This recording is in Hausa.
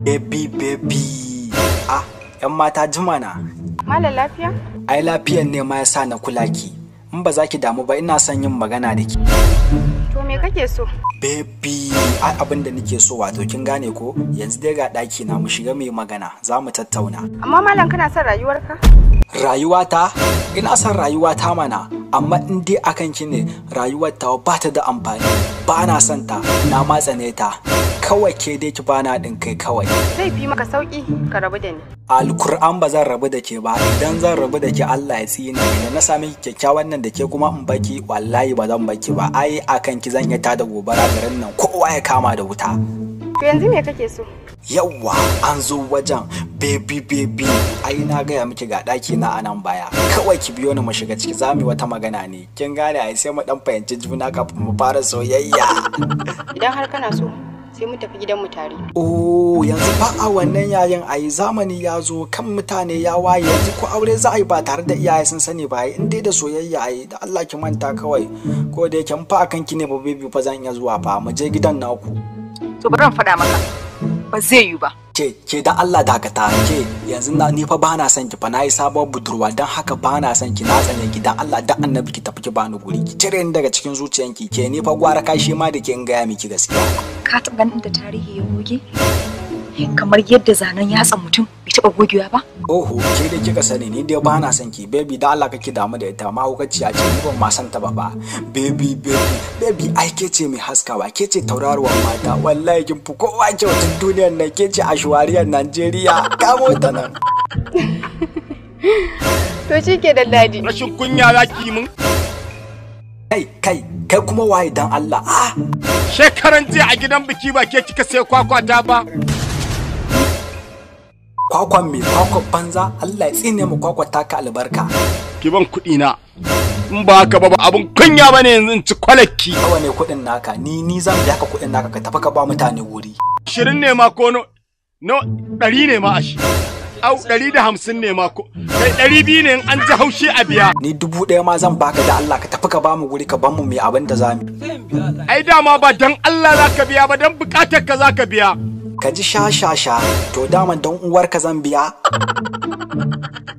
Baby, eh, baby. Ah, ‘yan mata jima na. Mala lafiya? Ai lafiyan ne ma ya sa na kula ki. In ba za ki damu ba ina son yin magana da ke. To me kake so? Baby, ai abin da nake so wato kin gane ko? Yanzu dai ga ɗaki na mu shiga mai magana, za mu tattauna. Amma malam kana son rayuwarka? Rayuwata? Ina son rayuwata mana. amma in dai akan ki ne rayuwar ta ba ta da amfani ba na son ta na matsane ta kawai ke dai ki bana din kai kawai zai fi maka sauki ka rabu da ni alkur'an ba zan rabu da ke ba idan zan rabu da ke Allah ya ni da na sami kyakkyawan nan da ke kuma in baki wallahi ba zan baki ba ai akan ki zan ta da gobara garin nan kowa ya kama da wuta To yanzu me kake so? Yawwa an zo wajen baby baby ai na gaya miki ga ɗaki na anan baya kawai ki biyo ni mu shiga ciki za mu yi wata magana ne kin gane ai sai mu dan fahimci juna kafin mu fara soyayya. Idan har kana so sai mu tafi gidan mu tare. Oh yanzu fa a wannan yayin ayi zamani ya zo kan mutane ya waye yanzu ko aure za a yi ba tare da iyaye sun sani ba in dai da soyayya ayi da Allah ki manta kawai ko da yake fa akan ki ne ba baby fa zan iya zuwa fa mu je gidan naku. to bari faɗa maka ba zai yi ba ke ke da Allah dakata ke yanzu na ni fa ba na son ki fa nayi sabon budurwa dan haka ba na son ki na tsane ki dan Allah dan annabi ki tafi ki bani guri ki cire ni daga cikin zuciyanki ke ni fa gwara kashi ma da ke in gaya miki gaskiya ka taɓa ganin da tarihi ya goge kamar yadda zanen yatsa mutum bai taba gogewa ba oho ke da kika sani ni dai ba na son ki baby da Allah kake damu da ita ma a ce ni ban ma san ta ba ba baby baby baby ai ke ce mai haskawa ke ce tauraruwar mata wallahi kin fi kowa kyautun duniyar nan ke ce ashwariyar Najeriya kamo ta nan to shi ke da ladi rashin kunya za ki mun kai kai kai kuma waye dan Allah ah shekaran jiya a gidan biki ba ke kika sai kwakwata ba kwakwan mai kwakwan banza Allah ya tsine mu kwakwa taka albarka ki ban kuɗi na in ba haka ba abun kunya bane yanzu in ci kwalakki nawa ne kuɗin naka ni ni zan biya ka kuɗin naka ka tafi ka ba mutane wuri shirin ne ma ko no no ɗari ne ma shi. au ɗari da hamsin ne ma ko kai ɗari biyu ne an ji haushi a biya ni dubu ɗaya ma zan baka da Allah ka tafi ka ba mu wuri ka ban mu mai abin da za mu ai dama ba dan Allah za ka biya ba dan bukatar ka za ka biya ka ji sha sha sha to dama don uwarka zan biya